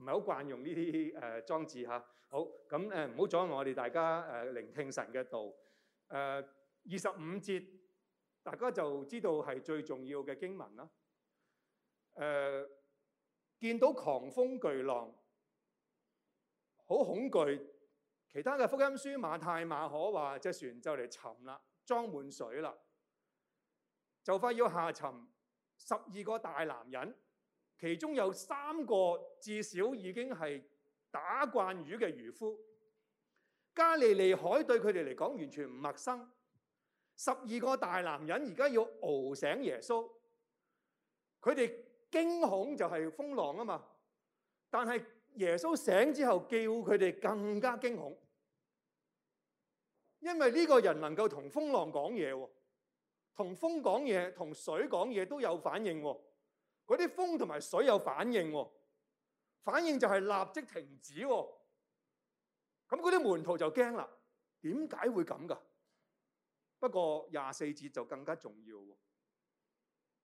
唔係好慣用呢啲誒裝置吓，好，咁誒唔好阻礙我哋大家誒、呃、聆聽神嘅道。誒二十五節，大家就知道係最重要嘅經文啦。誒、呃、見到狂風巨浪，好恐懼。其他嘅福音書馬太馬可話：隻船就嚟沉啦，裝滿水啦，就快要下沉。十二個大男人。其中有三個至少已經係打慣魚嘅漁夫，加利利海對佢哋嚟講完全唔陌生。十二個大男人而家要熬醒耶穌，佢哋驚恐就係風浪啊嘛！但係耶穌醒之後叫佢哋更加驚恐，因為呢個人能夠同風浪講嘢，同風講嘢、同水講嘢都有反應喎。嗰啲風同埋水有反應喎、哦，反應就係立即停止喎。咁嗰啲門徒就驚啦，點解會咁噶？不過廿四節就更加重要。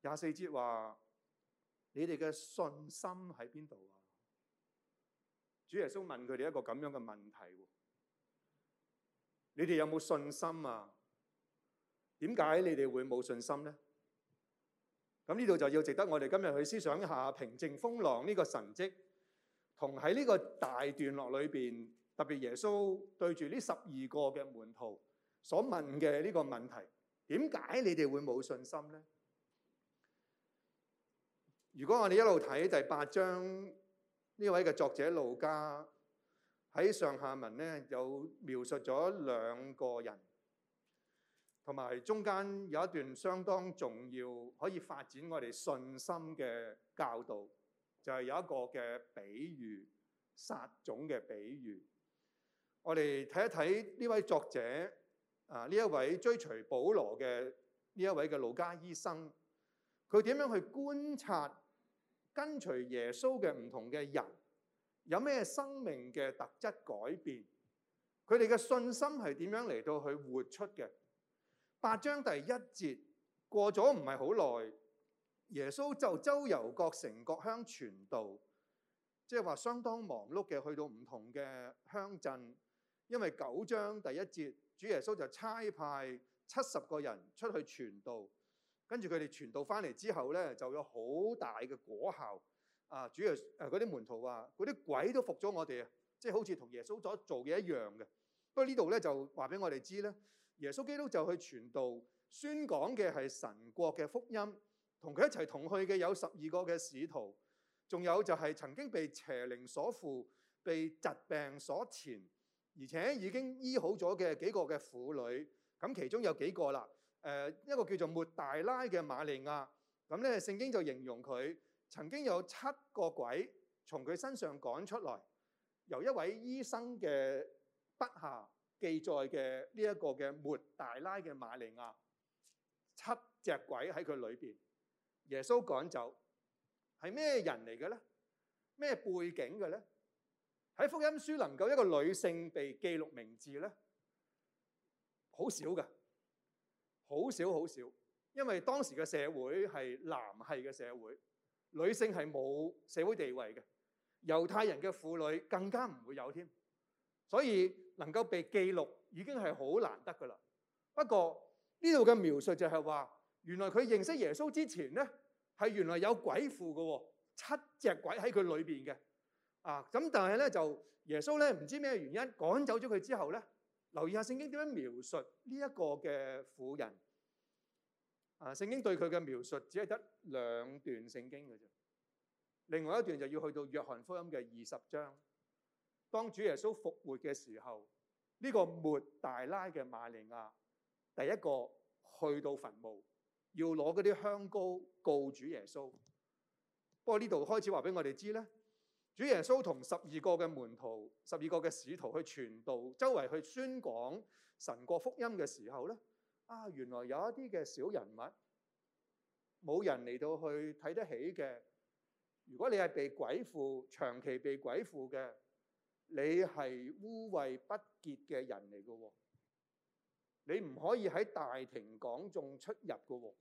廿四節話：你哋嘅信心喺邊度啊？主耶穌問佢哋一個咁樣嘅問題：你哋有冇信心啊？點解你哋會冇信心呢？咁呢度就要值得我哋今日去思想一下平靜風浪呢個神蹟，同喺呢個大段落裏邊，特別耶穌對住呢十二個嘅門徒所問嘅呢個問題，點解你哋會冇信心咧？如果我哋一路睇第八章呢位嘅作者路加喺上下文咧，有描述咗兩個人。同埋，中間有一段相當重要可以發展我哋信心嘅教導，就係有一個嘅比喻，撒種嘅比喻。我哋睇一睇呢位作者啊，呢一位追隨保羅嘅呢一位嘅路加醫生，佢點樣去觀察跟隨耶穌嘅唔同嘅人，有咩生命嘅特質改變，佢哋嘅信心係點樣嚟到去活出嘅？八章第一節過咗唔係好耐，耶穌就周遊各城各鄉傳道，即係話相當忙碌嘅，去到唔同嘅鄉鎮。因為九章第一節，主耶穌就差派七十個人出去傳道，跟住佢哋傳道翻嚟之後呢，就有好大嘅果效。啊，主耶誒嗰啲門徒話：嗰啲鬼都服咗我哋啊！即係好似同耶穌所做嘅一樣嘅。不過呢度呢，就話俾我哋知咧。耶穌基督就去傳道，宣講嘅係神國嘅福音。同佢一齊同去嘅有十二個嘅使徒，仲有就係曾經被邪靈所附、被疾病所纏，而且已經醫好咗嘅幾個嘅婦女。咁其中有幾個啦，誒一個叫做抹大拉嘅瑪利亞。咁咧聖經就形容佢曾經有七個鬼從佢身上趕出來，由一位醫生嘅筆下。記載嘅呢一個嘅抹大拉嘅瑪利亞，七隻鬼喺佢裏邊，耶穌趕走，係咩人嚟嘅咧？咩背景嘅咧？喺福音書能夠一個女性被記錄名字咧，好少㗎，好少好少，因為當時嘅社會係男系嘅社會，女性係冇社會地位嘅，猶太人嘅婦女更加唔會有添，所以。能夠被記錄已經係好難得㗎啦。不過呢度嘅描述就係話，原來佢認識耶穌之前咧，係原來有鬼附嘅，七隻鬼喺佢裏邊嘅。啊，咁但係咧就耶穌咧唔知咩原因趕走咗佢之後咧，留意下聖經點樣描述呢一個嘅婦人。啊，聖經對佢嘅描述只係得兩段聖經嘅啫。另外一段就要去到約翰福音嘅二十章。當主耶穌復活嘅時候，呢、呢個抹大拉嘅馬利亞第一個去到墳墓，要攞嗰啲香膏告主耶穌。不過呢度開始話俾我哋知咧，主耶穌同十二個嘅門徒、十二個嘅使徒去傳道，周圍去宣講神國福音嘅時候咧，啊，原來有一啲嘅小人物，冇人嚟到去睇得起嘅。如果你係被鬼附，長期被鬼附嘅。你係污穢不潔嘅人嚟嘅，你唔可以喺大庭廣眾出入嘅。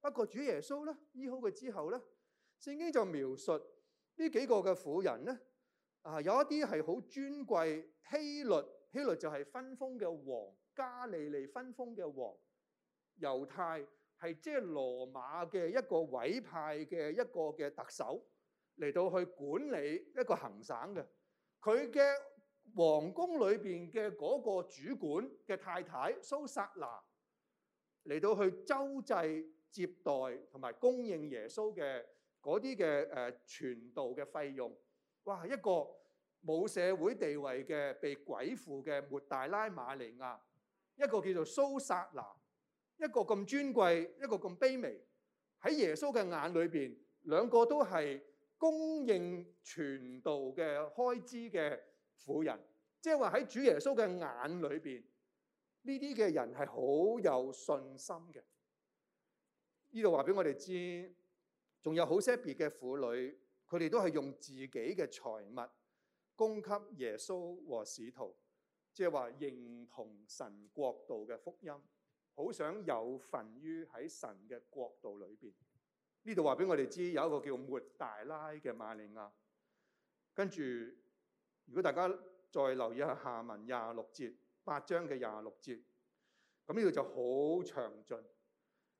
不過主耶穌咧醫好佢之後咧，聖經就描述呢幾個嘅婦人咧啊，有一啲係好尊貴希律，希律就係分封嘅王，加利利分封嘅王，猶太係即係羅馬嘅一個委派嘅一個嘅特首嚟到去管理一個行省嘅。佢嘅王宮裏邊嘅嗰個主管嘅太太蘇撒拿嚟到去周濟接待同埋供應耶穌嘅嗰啲嘅誒傳道嘅費用。哇！一個冇社會地位嘅被鬼附嘅抹大拉瑪利亞，一個叫做蘇撒拿，一個咁尊貴，一個咁卑微，喺耶穌嘅眼裏邊，兩個都係。供應全道嘅開支嘅婦人，即係話喺主耶穌嘅眼裏邊，呢啲嘅人係好有信心嘅。呢度話俾我哋知，仲有好些別嘅婦女，佢哋都係用自己嘅財物供給耶穌和使徒，即係話認同神國度嘅福音，好想有份於喺神嘅國度裏邊。呢度話俾我哋知有一個叫抹大拉嘅瑪利亞，跟住如果大家再留意下下文廿六節八章嘅廿六節，咁呢度就好詳盡，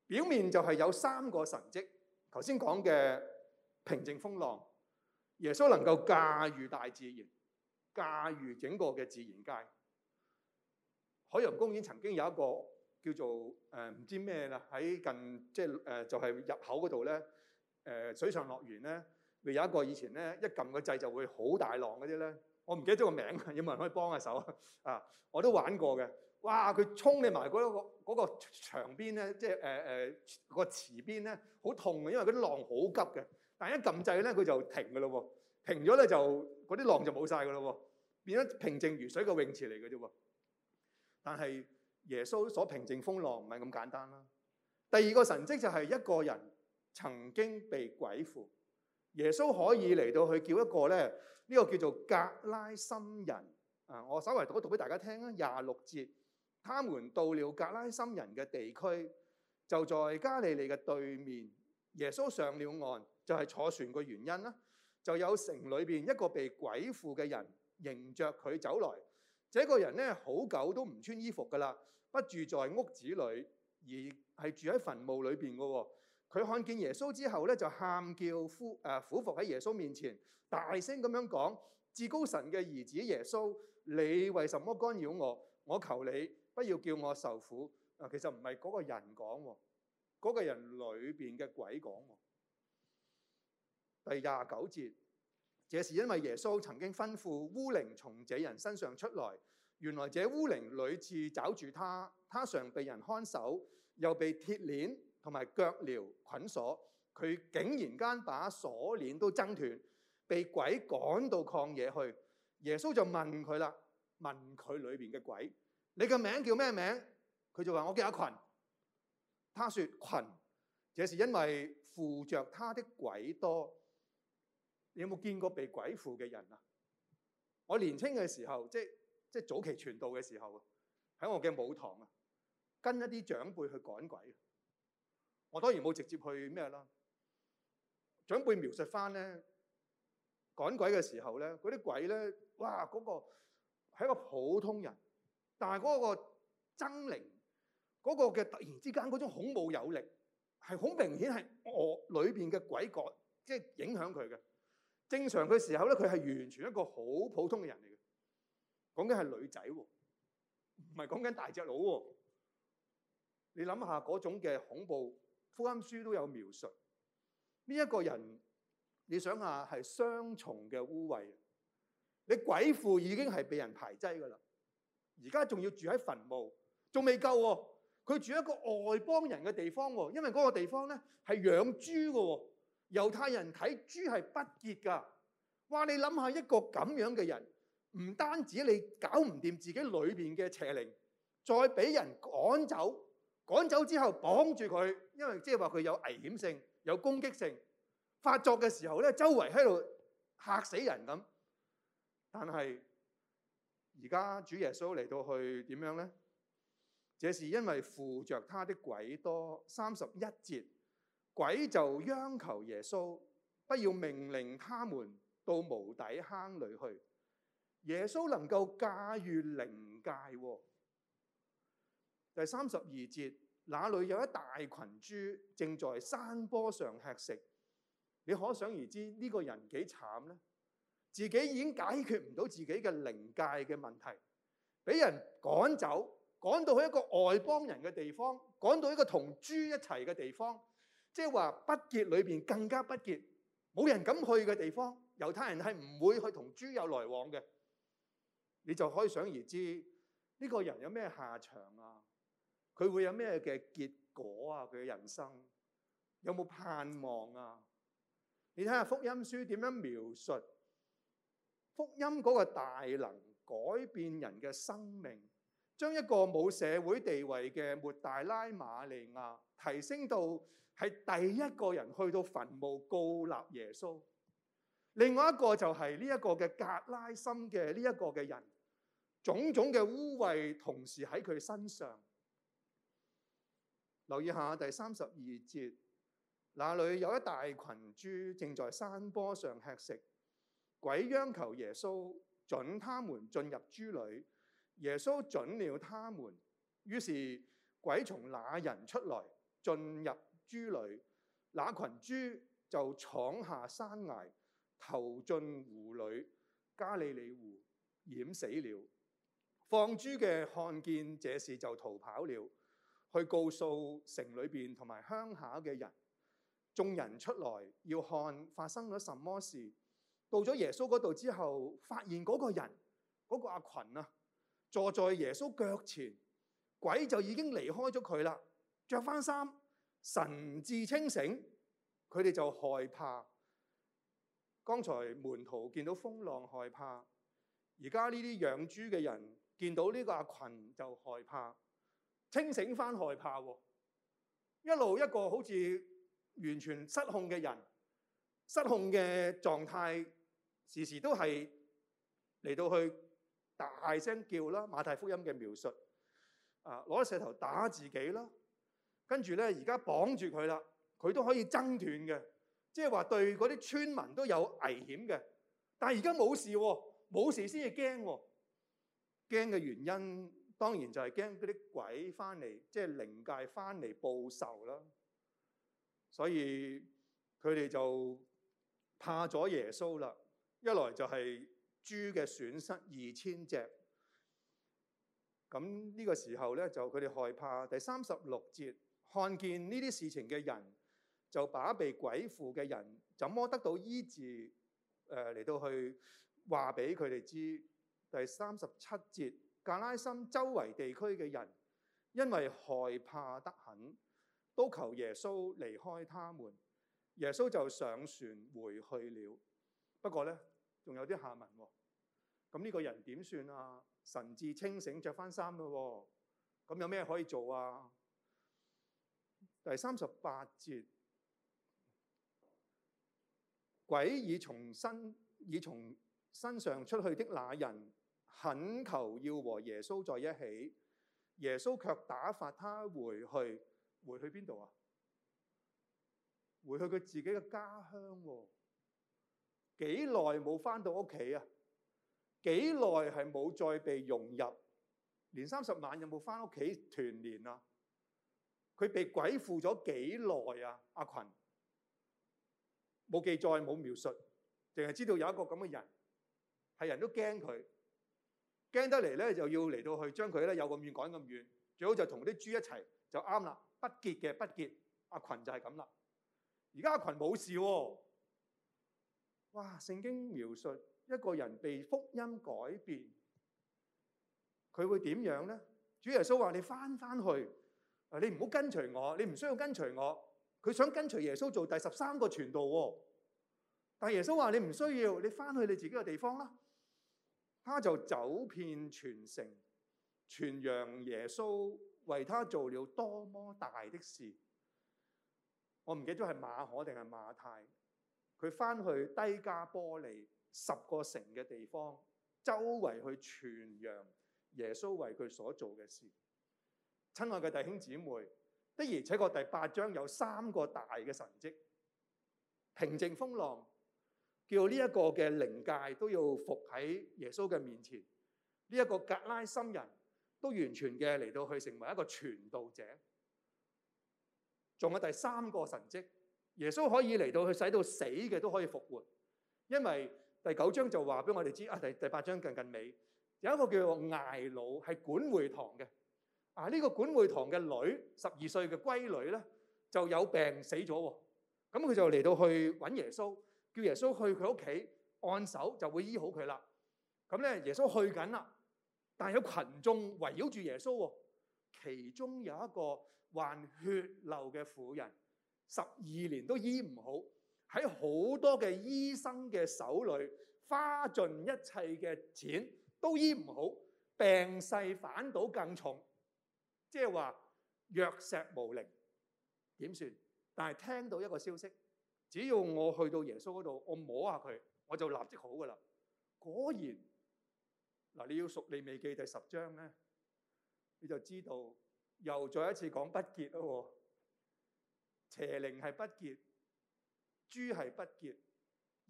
表面就係有三個神蹟，頭先講嘅平靜風浪，耶穌能夠駕馭大自然，駕馭整個嘅自然界。海洋公園曾經有一個。叫做誒唔知咩啦，喺近即係誒就係入口嗰度咧，誒水上樂園咧，會有一個以前咧一撳個掣就會好大浪嗰啲咧，我唔記得咗個名，有冇人可以幫下手啊？我都玩過嘅，哇！佢衝你埋嗰個嗰個牆邊咧，即係誒誒個池邊咧，好痛嘅，因為嗰啲浪好急嘅。但係一撳掣咧，佢就停㗎咯喎，停咗咧就嗰啲浪就冇晒㗎咯喎，變咗平靜如水嘅泳池嚟嘅啫喎，但係。耶穌所平靜風浪唔係咁簡單啦。第二個神跡就係一個人曾經被鬼附，耶穌可以嚟到去叫一個咧，呢個叫做格拉森人啊。我稍微讀一讀俾大家聽啊，廿六節，他們到了格拉森人嘅地區，就在加利利嘅對面，耶穌上了岸，就係坐船嘅原因啦。就有城裏邊一個被鬼附嘅人迎着佢走來，這個人咧，好久都唔穿衣服㗎啦。不住在屋子裡，而係住喺墳墓裡邊嘅。佢看見耶穌之後咧，就喊叫、呼誒、俯伏喺耶穌面前，大聲咁樣講：至高神嘅兒子耶穌，你為什麼干擾我？我求你不要叫我受苦。啊，其實唔係嗰個人講，嗰、嗰個人裡邊嘅鬼講。第廿九節，這是因為耶穌曾經吩咐污靈從這人身上出來。原來這污靈屢次找住他，他常被人看守，又被鐵鏈同埋腳鐐捆鎖。佢竟然間把鎖鏈都掙斷，被鬼趕到曠野去。耶穌就問佢啦，問佢裏邊嘅鬼，你嘅名叫咩名？佢就話：我叫阿群。他說群，這是因為附着他的鬼多。你有冇見過被鬼附嘅人啊？我年輕嘅時候，即即係早期傳道嘅時候，喺我嘅母堂啊，跟一啲長輩去趕鬼。我當然冇直接去咩啦。長輩描述翻咧，趕鬼嘅時候咧，啲鬼咧，哇！嗰個係一個普通人，但係個猙獰、嗰個嘅突然之間嗰種恐怖有力，係好明顯係我裏邊嘅鬼覺，即係影響佢嘅。正常嘅時候咧，佢係完全一個好普通嘅人嚟嘅。講緊係女仔喎，唔係講緊大隻佬喎。你諗下嗰種嘅恐怖，福音書都有描述。呢、這、一個人，你想下係雙重嘅污穢。你鬼父已經係被人排擠噶啦，而家仲要住喺墳墓，仲未夠喎。佢住一個外邦人嘅地方喎，因為嗰個地方咧係養豬嘅喎。猶太人睇豬係不潔噶。哇，你諗下一個咁樣嘅人。唔單止你搞唔掂自己裏邊嘅邪靈，再俾人趕走，趕走之後綁住佢，因為即係話佢有危險性、有攻擊性，發作嘅時候咧，周圍喺度吓死人咁。但係而家主耶穌嚟到去點樣咧？這是因為附着他的鬼多，三十一節，鬼就央求耶穌不要命令他們到無底坑裏去。耶穌能夠駕馭靈界，哦。第三十二節，那裏有一大群豬正在山坡上吃食。你可想而知呢、呢個人幾慘呢？自己已經解決唔到自己嘅靈界嘅問題，俾人趕走，趕到去一個外邦人嘅地方，趕到一個同豬一齊嘅地方，即係話不潔裏邊更加不潔，冇人敢去嘅地方。猶太人係唔會去同豬有來往嘅。你就可以想而知呢個人有咩下場啊？佢會有咩嘅結果啊？佢嘅人生有冇盼望啊？你睇下福音書點樣描述福音嗰個大能改變人嘅生命，將一個冇社會地位嘅抹大拉瑪利亞提升到係第一個人去到墳墓告納耶穌。另外一個就係呢一個嘅格拉森嘅呢一個嘅人。種種嘅污穢同時喺佢身上。留意下第三十二節，那裏有一大群豬正在山坡上吃食。鬼央求耶穌准他們進入豬裏，耶穌準了他們，於是鬼從那人出來，進入豬裏，那群豬就闖下山崖，投進湖裏，加利利湖淹死了。放豬嘅看見這事就逃跑了，去告訴城裏邊同埋鄉下嘅人。眾人出來要看發生咗什麼事。到咗耶穌嗰度之後，發現嗰個人，嗰個阿群啊，坐在耶穌腳前，鬼就已經離開咗佢啦。着翻衫，神志清醒，佢哋就害怕。剛才門徒見到風浪害怕，而家呢啲養豬嘅人，見到呢個阿群就害怕，清醒返害怕喎、哦，一路一個好似完全失控嘅人，失控嘅狀態，時時都係嚟到去大聲叫啦，馬太福音嘅描述，啊攞啲石頭打自己啦，跟住咧而家綁住佢啦，佢都可以掙斷嘅，即係話對嗰啲村民都有危險嘅，但係而家冇事喎、哦，冇事先至驚喎。驚嘅原因當然就係驚嗰啲鬼翻嚟，即係靈界翻嚟報仇啦。所以佢哋就怕咗耶穌啦。一來就係豬嘅損失，二千隻。咁呢個時候咧，就佢哋害怕。第三十六節，看見呢啲事情嘅人，就把被鬼附嘅人怎麼得到醫治，誒、呃、嚟到去話俾佢哋知。第三十七節，格拉森周圍地區嘅人，因為害怕得很，都求耶穌離開他們。耶穌就上船回去了。不過呢，仲有啲下文喎。咁呢個人點算啊？神志清醒，着翻衫咯。咁有咩可以做啊？第三十八節，鬼已從身已從身上出去的那人。懇求要和耶穌在一起，耶穌卻打發他回去，回去邊度啊？回去佢自己嘅家鄉喎。幾耐冇返到屋企啊？幾耐係冇再被融入？年三十晚有冇返屋企團年啊？佢被鬼附咗幾耐啊？阿群冇記載，冇描述，淨係知道有一個咁嘅人，係人都驚佢。驚得嚟咧，就要嚟到去將佢咧，有咁遠趕咁遠，最好就同啲豬一齊就啱啦。不結嘅不結，阿群就係咁啦。而家阿群冇事喎、哦。哇！聖經描述一個人被福音改變，佢會點樣咧？主耶穌話：你翻翻去，你唔好跟隨我，你唔需要跟隨我。佢想跟隨耶穌做第十三個傳道、哦，但耶穌話：你唔需要，你翻去你自己嘅地方啦。他就走遍全城，傳揚耶穌為他做了多麼大的事。我唔記得係馬可定係馬太，佢翻去低加波利十個城嘅地方，周圍去傳揚耶穌為佢所做嘅事。親愛嘅弟兄姊妹，的而且確第八章有三個大嘅神跡：平靜風浪。叫呢一個嘅靈界都要伏喺耶穌嘅面前，呢、這、一個格拉森人都完全嘅嚟到去成為一個傳道者。仲有第三個神跡，耶穌可以嚟到去使到死嘅都可以復活，因為第九章就話俾我哋知啊，第第八章近近尾有一個叫做艾老係管會堂嘅啊，呢、這個管會堂嘅女十二歲嘅乖女咧就有病死咗，咁佢就嚟到去揾耶穌。叫耶穌去佢屋企按手，就會醫好佢啦。咁咧，耶穌去緊啦，但係有群眾圍繞住耶穌喎、哦。其中有一個患血漏嘅婦人，十二年都醫唔好，喺好多嘅醫生嘅手裏花盡一切嘅錢都醫唔好，病勢反倒更重，即係話藥石無靈點算？但係聽到一個消息。只要我去到耶穌嗰度，我摸下佢，我就立即好噶啦。果然嗱，你要熟利未記第十章咧，你就知道又再一次講不潔咯。邪靈係不潔，豬係不潔。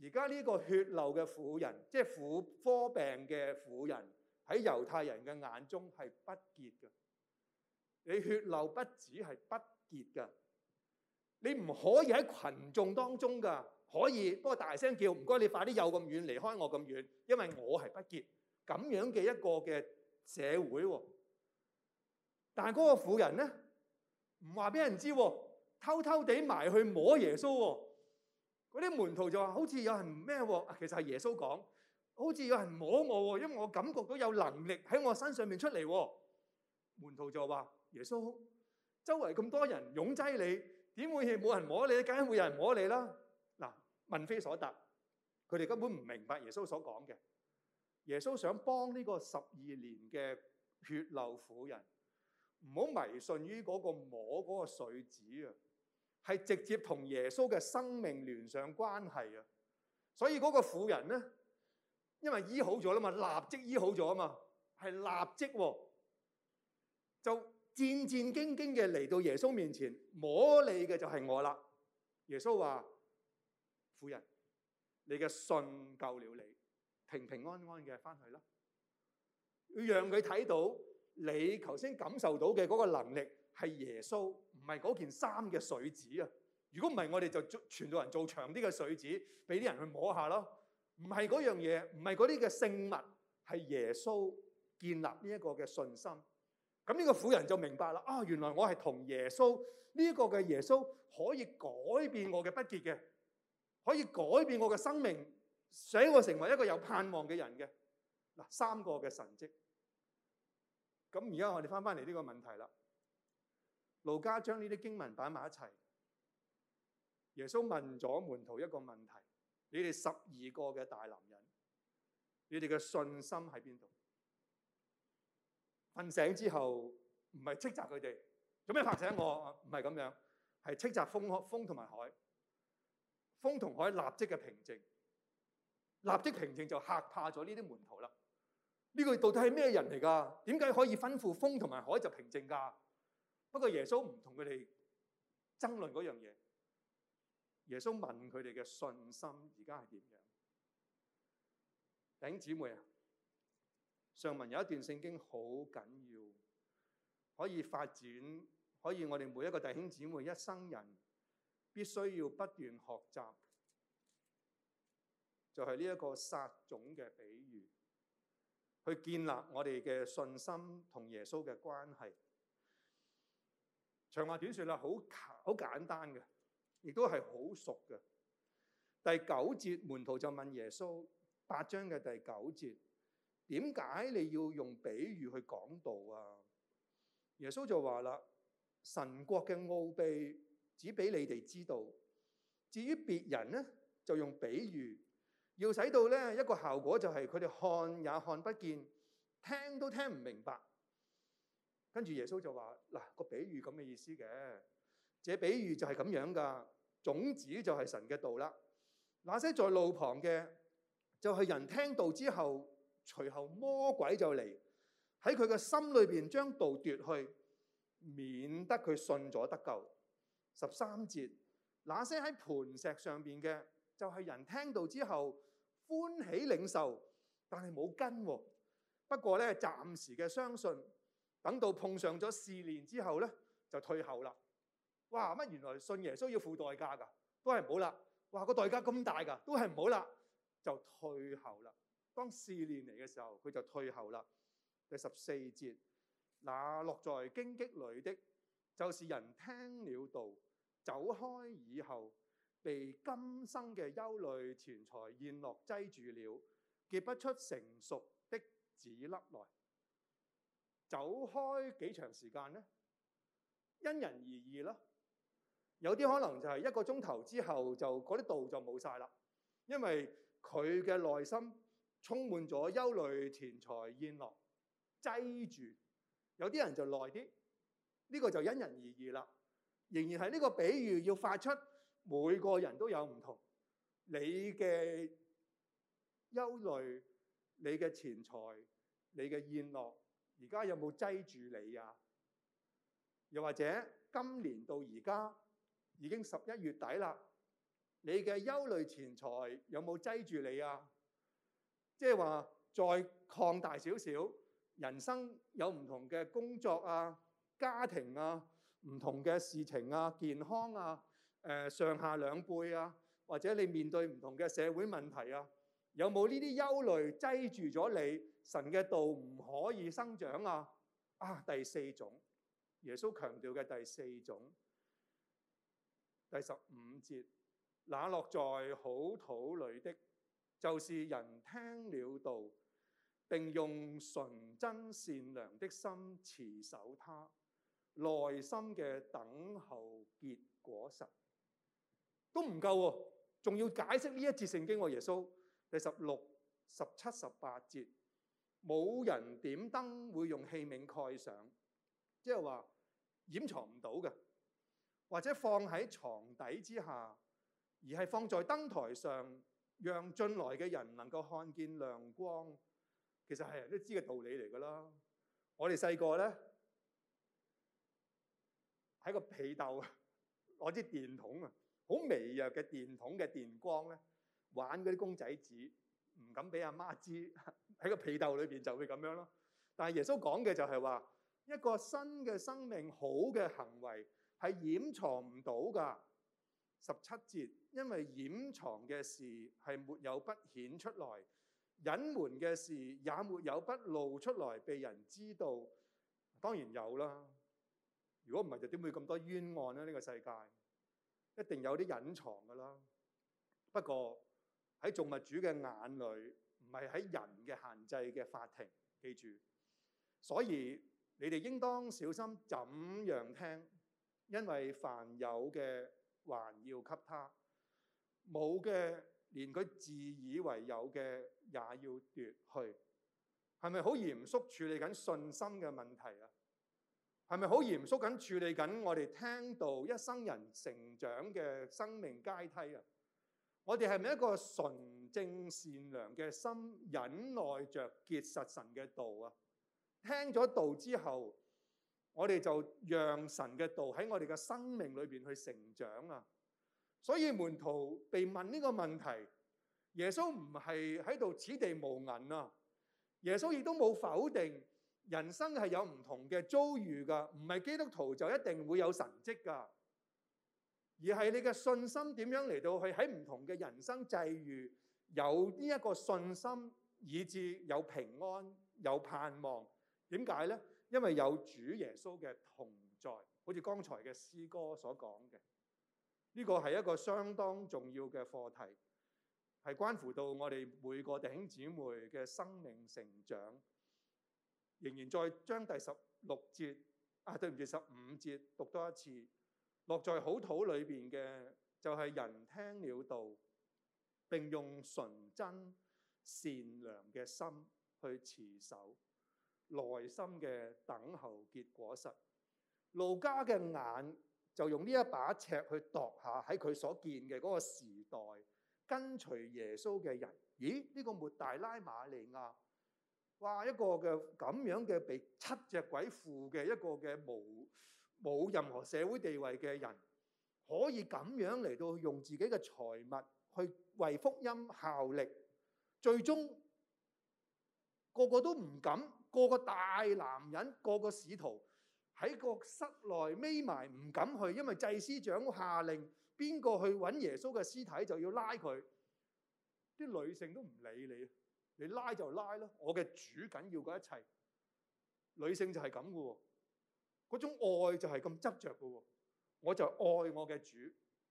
而家呢個血流嘅婦人，即係婦科病嘅婦人，喺猶太人嘅眼中係不潔嘅。你血流不止係不潔嘅。你唔可以喺群眾當中噶，可以不過大聲叫，唔該你快啲又咁遠離開我咁遠，因為我係不潔咁樣嘅一個嘅社會。但係嗰個婦人咧，唔話俾人知，偷偷地埋去摸耶穌。嗰啲門徒就話：好似有人咩、啊？其實係耶穌講，好似有人摸我，因為我感覺到有能力喺我身上面出嚟。門徒就話：耶穌，周圍咁多人擁擠你。點會係冇人摸你？梗係會有人摸你啦！嗱，問非所答，佢哋根本唔明白耶穌所講嘅。耶穌想幫呢個十二年嘅血漏婦人，唔好迷信於嗰個摸嗰個碎紙啊，係直接同耶穌嘅生命聯上關係啊！所以嗰個婦人咧，因為醫好咗啦嘛，立即醫好咗啊嘛，係立即喎、啊，就。戰戰兢兢嘅嚟到耶穌面前，摸你嘅就係我啦。耶穌話：婦人，你嘅信救了你，平平安安嘅翻去啦。要讓佢睇到你頭先感受到嘅嗰個能力係耶穌，唔係嗰件衫嘅水紙啊。如果唔係，我哋就全座人做長啲嘅水紙，俾啲人去摸下咯。唔係嗰樣嘢，唔係嗰啲嘅聖物，係耶穌建立呢一個嘅信心。咁呢個婦人就明白啦，啊，原來我係同耶穌呢個嘅耶穌可以改變我嘅不潔嘅，可以改變我嘅生命，使我成為一個有盼望嘅人嘅。嗱，三個嘅神跡。咁而家我哋翻翻嚟呢個問題啦。路加將呢啲經文擺埋一齊，耶穌問咗門徒一個問題：你哋十二個嘅大男人，你哋嘅信心喺邊度？瞓醒之後，唔係斥責佢哋，做咩拍醒我？唔係咁樣，係斥責風風同埋海，風同海立即嘅平靜，立即平靜就嚇怕咗呢啲門徒啦。呢、這個到底係咩人嚟㗎？點解可以吩咐風同埋海就平靜㗎？不過耶穌唔同佢哋爭論嗰樣嘢。耶穌問佢哋嘅信心而家係點樣？弟兄姊妹啊！上文有一段聖經好緊要，可以發展，可以我哋每一個弟兄姊妹一生人必須要不斷學習，就係呢一個撒種嘅比喻，去建立我哋嘅信心同耶穌嘅關係。長話短説啦，好好簡單嘅，亦都係好熟嘅。第九節門徒就問耶穌，八章嘅第九節。點解你要用比喻去講道啊？耶穌就話啦：神國嘅奧秘只俾你哋知道，至於別人咧，就用比喻，要使到咧一個效果，就係佢哋看也看不見，聽都聽唔明白。跟住耶穌就話：嗱、這個比喻咁嘅意思嘅，這比喻就係咁樣噶。種子就係神嘅道啦。那些在路旁嘅，就係、是、人聽道之後。隨後魔鬼就嚟喺佢嘅心裏邊將道奪去，免得佢信咗得救。十三節，那些喺磐石上邊嘅就係、是、人聽到之後歡喜領受，但係冇根。不過咧暫時嘅相信，等到碰上咗試煉之後咧就退後啦。哇！乜原來信耶穌要付代價噶？都係唔好啦。哇！個代價咁大噶，都係唔好啦，就退後啦。當試練嚟嘅時候，佢就退後啦。第十四節，那落在荊棘裏的，就是人聽了道走開以後，被今生嘅憂慮、錢財、宴樂、擠住了，結不出成熟的籽粒來。走開幾長時間呢？因人而異啦。有啲可能就係一個鐘頭之後就嗰啲道就冇晒啦，因為佢嘅內心。充滿咗憂慮、錢財、宴樂，擠住。有啲人就耐啲，呢個就因人而異啦。仍然係呢個比喻，要發出每個人都有唔同。你嘅憂慮、你嘅錢財、你嘅宴樂，而家有冇擠住你啊？又或者今年到而家已經十一月底啦，你嘅憂慮、錢財有冇擠住你啊？即係話再擴大少少，人生有唔同嘅工作啊、家庭啊、唔同嘅事情啊、健康啊、誒、呃、上下兩輩啊，或者你面對唔同嘅社會問題啊，有冇呢啲憂慮擠住咗你？神嘅道唔可以生長啊！啊，第四種，耶穌強調嘅第四種，第十五節，那落在好土裏的。就是人聽了道，並用純真善良的心持守他，耐心嘅等候結果實，都唔夠喎，仲要解釋呢一節聖經喎、啊。耶穌第十六、十七、十八節，冇人點燈會用器皿蓋上，即係話掩藏唔到嘅，或者放喺床底之下，而係放在燈台上。讓進來嘅人能夠看見亮光，其實係人都知嘅道理嚟噶啦。我哋細個咧喺個被竇攞支電筒啊，好微弱嘅電筒嘅電光咧，玩嗰啲公仔紙，唔敢俾阿媽知，喺個被竇裏邊就會咁樣咯。但係耶穌講嘅就係話，一個新嘅生命、好嘅行為係掩藏唔到噶。十七節，因為掩藏嘅事係沒有不顯出來，隱瞞嘅事也沒有不露出來，被人知道當然有啦。如果唔係，就點會咁多冤案呢？呢個世界一定有啲隱藏噶啦。不過喺造物主嘅眼裏，唔係喺人嘅限制嘅法庭，記住。所以你哋應當小心怎樣聽，因為凡有嘅。還要給他冇嘅，連佢自以為有嘅也要奪去，係咪好嚴肅處理緊信心嘅問題啊？係咪好嚴肅緊處理緊我哋聽道一生人成長嘅生命階梯啊？我哋係咪一個純正善良嘅心忍耐着結實神嘅道啊？聽咗道之後。我哋就讓神嘅道喺我哋嘅生命裏邊去成長啊！所以門徒被問呢個問題，耶穌唔係喺度此地無銀啊！耶穌亦都冇否定人生係有唔同嘅遭遇噶，唔係基督徒就一定會有神跡噶，而係你嘅信心點樣嚟到去喺唔同嘅人生際遇有呢一個信心，以致有平安有盼望。點解呢？因為有主耶穌嘅同在，好似剛才嘅詩歌所講嘅，呢個係一個相當重要嘅課題，係關乎到我哋每個弟兄姊妹嘅生命成長。仍然再將第十六節啊，對唔住，十五節讀多一次。落在好土裏邊嘅，就係人聽了道，並用純真善良嘅心去持守。內心嘅等候結果實，路加嘅眼就用呢一把尺去度下喺佢所見嘅嗰個時代，跟隨耶穌嘅人。咦？呢、這個抹大拉瑪利亞，哇！一個嘅咁樣嘅被七隻鬼附嘅一個嘅冇冇任何社會地位嘅人，可以咁樣嚟到用自己嘅財物去為福音效力，最終個個都唔敢。個個大男人，個個使徒喺個室內匿埋，唔敢去，因為祭司長下令，邊個去搵耶穌嘅屍體就要拉佢。啲女性都唔理你，你拉就拉咯。我嘅主緊要過一切，女性就係咁噶。嗰種愛就係咁執着噶。我就愛我嘅主，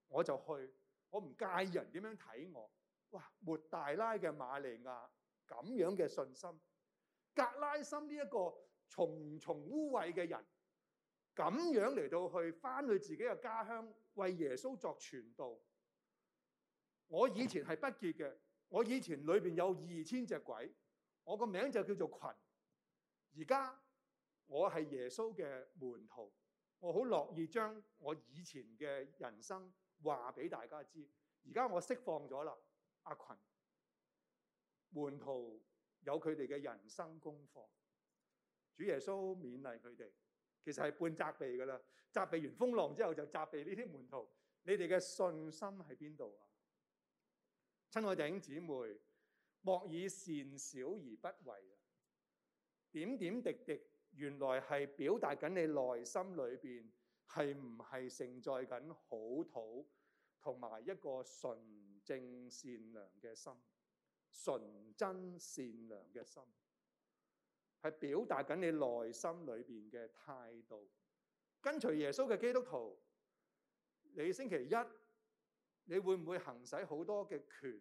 我就去，我唔介意人點樣睇我。哇，抹大拉嘅瑪利亞咁樣嘅信心。格拉森呢一個重重污穢嘅人，咁樣嚟到去翻去自己嘅家鄉，為耶穌作傳道。我以前係不潔嘅，我以前裏邊有二千隻鬼，我個名就叫做群。而家我係耶穌嘅門徒，我好樂意將我以前嘅人生話俾大家知。而家我釋放咗啦，阿群門徒。有佢哋嘅人生功課，主耶穌勉勵佢哋，其實係半責備㗎喇。責備完風浪之後，就責備呢啲門徒，你哋嘅信心喺邊度啊？親愛弟兄姊妹，莫以善小而不為啊！點點滴滴，原來係表達緊你內心裏邊係唔係盛載緊好土同埋一個純正善良嘅心。純真善良嘅心，係表達緊你內心裏邊嘅態度。跟隨耶穌嘅基督徒，你星期一你會唔會行使好多嘅權，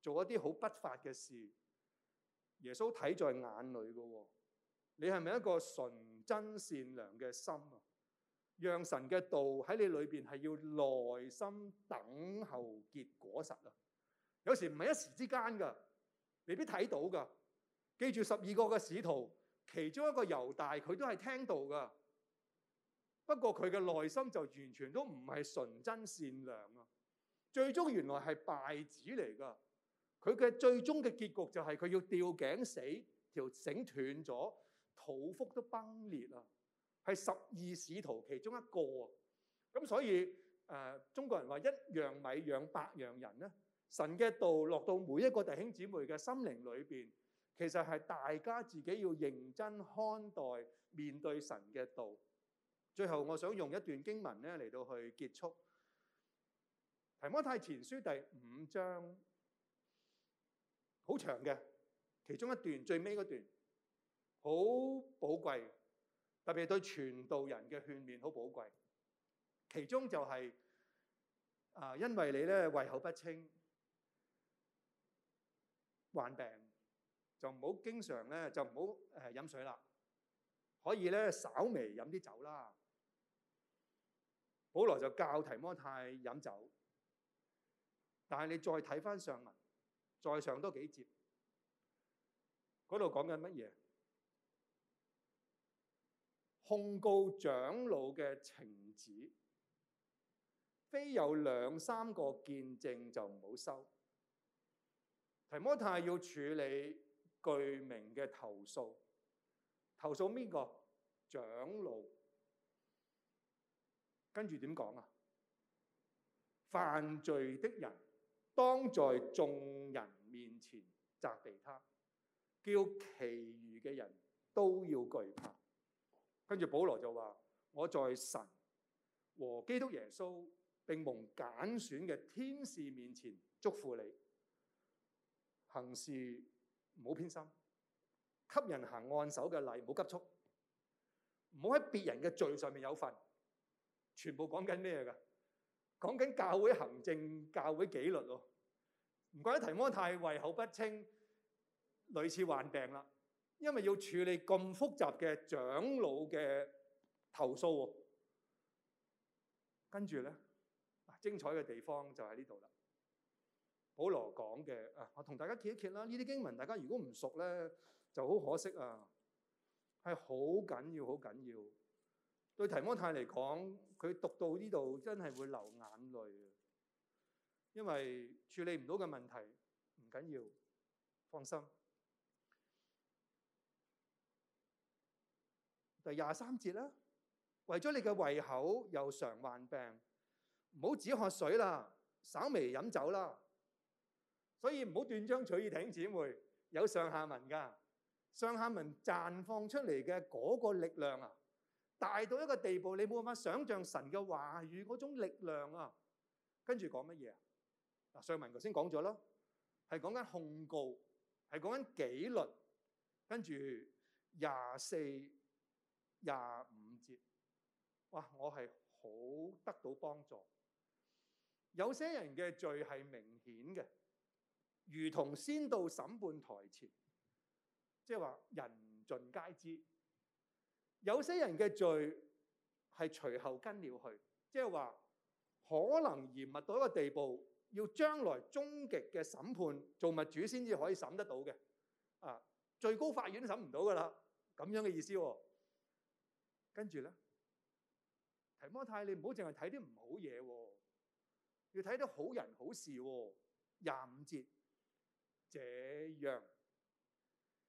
做一啲好不法嘅事？耶穌睇在眼裏㗎，你係咪一個純真善良嘅心啊？讓神嘅道喺你裏邊係要耐心等候結果實啊！有時唔係一時之間噶，未必睇到噶。記住十二個嘅使徒，其中一個猶大佢都係聽到噶，不過佢嘅內心就完全都唔係純真善良啊！最終原來係敗子嚟噶，佢嘅最終嘅結局就係佢要吊頸死，條繩斷咗，肚腹都崩裂啊！係十二使徒其中一個啊，咁所以誒、呃，中國人話一樣米養百樣人咧。神嘅道落到每一個弟兄姊妹嘅心靈裏邊，其實係大家自己要認真看待面對神嘅道。最後，我想用一段經文咧嚟到去結束。提摩太前書第五章，好長嘅，其中一段最尾嗰段好寶貴，特別對傳道人嘅勸勉好寶貴。其中就係啊，因為你咧胃口不清。患病就唔好經常咧，就唔好誒飲水啦。可以咧稍微飲啲酒啦。保羅就教提摩太飲酒，但係你再睇翻上文，再上多幾節，嗰度講緊乜嘢？控告長老嘅呈子，非有兩三個見證就唔好收。提摩太要處理具名嘅投訴，投訴邊個？長老。跟住點講啊？犯罪的人當在眾人面前責備他，叫其餘嘅人都要懼怕。跟住保羅就話：我在神和基督耶穌並蒙揀選嘅天使面前祝福你。行事唔好偏心，給人行按手嘅禮唔好急促，唔好喺別人嘅罪上面有份。全部講緊咩㗎？講緊教會行政、教會紀律喎。唔怪得提摩太胃口不清，類似患病啦，因為要處理咁複雜嘅長老嘅投訴喎。跟住咧，精彩嘅地方就喺呢度啦。保羅講嘅啊，我同大家揭一揭啦。呢啲經文，大家如果唔熟咧，就好可惜啊，係好緊要、好緊要。對提摩太嚟講，佢讀到呢度真係會流眼淚啊，因為處理唔到嘅問題唔緊要，放心。第廿三節啦，為咗你嘅胃口又常患病，唔好止渴水啦，稍微飲酒啦。所以唔好斷章取義，弟兄姊妹有上下文噶。上下文綻放出嚟嘅嗰個力量啊，大到一個地步，你冇辦法想象神嘅話語嗰種力量啊。跟住講乜嘢啊？嗱，上文頭先講咗咯，係講緊控告，係講緊紀律，跟住廿四、廿五節。哇，我係好得到幫助。有些人嘅罪係明顯嘅。如同先到審判台前，即係話人盡皆知。有些人嘅罪係隨後跟了去，即係話可能嚴密到一個地步，要將來終極嘅審判造物主先至可以審得到嘅。啊，最高法院審唔到㗎喇，咁樣嘅意思喎。跟住咧，提摩太，你唔好淨係睇啲唔好嘢，要睇啲好人好事喎。廿五節。這樣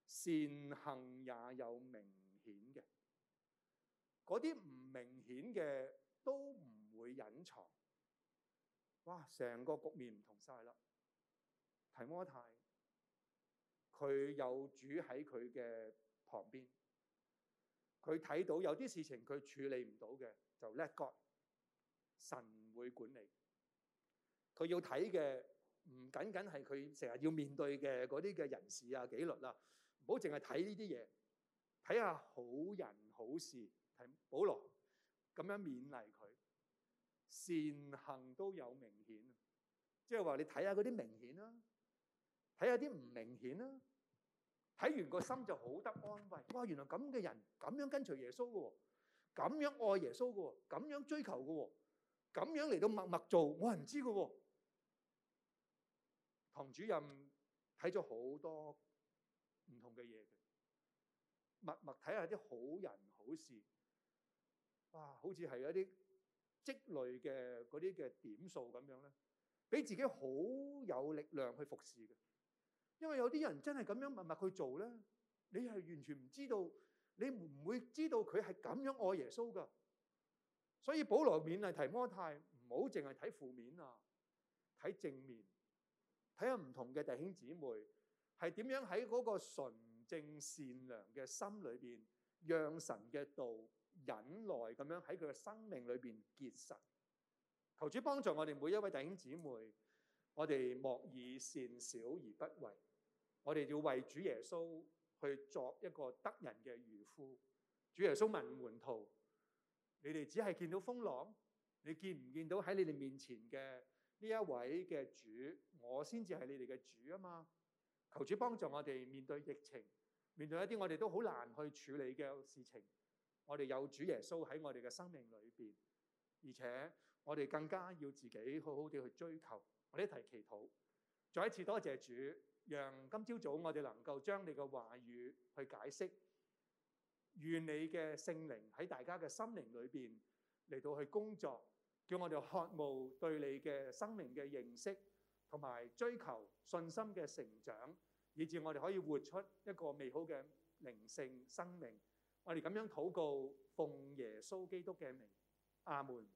善行也有明顯嘅，嗰啲唔明顯嘅都唔會隱藏。哇！成個局面唔同晒啦。提摩太佢有主喺佢嘅旁邊，佢睇到有啲事情佢處理唔到嘅，就 let God，神會管理。佢要睇嘅。唔僅僅係佢成日要面對嘅嗰啲嘅人事啊、紀律啦，唔好淨係睇呢啲嘢，睇下好人好事，睇保羅咁樣勉勵佢，善行都有明顯，即係話你睇下嗰啲明顯啦，睇下啲唔明顯啦，睇完個心就好得安慰。哇！原來咁嘅人咁樣跟隨耶穌㗎喎，咁樣愛耶穌㗎喎，咁樣追求㗎喎，咁樣嚟到默默做，我唔知㗎喎。堂主任睇咗好多唔同嘅嘢，默默睇下啲好人好事，哇！好似係有一啲積累嘅嗰啲嘅點數咁樣咧，俾自己好有力量去服侍嘅。因為有啲人真係咁樣默默去做咧，你係完全唔知道，你唔會知道佢係咁樣愛耶穌噶。所以保羅勉勵提摩太，唔好淨係睇負面啊，睇正面。睇下唔同嘅弟兄姊妹係點樣喺嗰個純正善良嘅心裏邊，讓神嘅道忍耐，咁樣喺佢嘅生命裏邊結實。求主幫助我哋每一位弟兄姊妹，我哋莫以善小而不為，我哋要為主耶穌去作一個得人嘅漁夫。主耶穌問門徒：你哋只係見到風浪，你見唔見到喺你哋面前嘅？呢一位嘅主，我先至係你哋嘅主啊嘛！求主幫助我哋面對疫情，面對一啲我哋都好難去處理嘅事情。我哋有主耶穌喺我哋嘅生命裏邊，而且我哋更加要自己好好哋去追求。我哋一齊祈禱，再一次多謝主，讓今朝早我哋能夠將你嘅話語去解釋，願你嘅聖靈喺大家嘅心靈裏邊嚟到去工作。叫我哋渴慕對你嘅生命嘅認識，同埋追求信心嘅成長，以至我哋可以活出一個美好嘅靈性生命。我哋咁樣禱告，奉耶穌基督嘅名，阿門。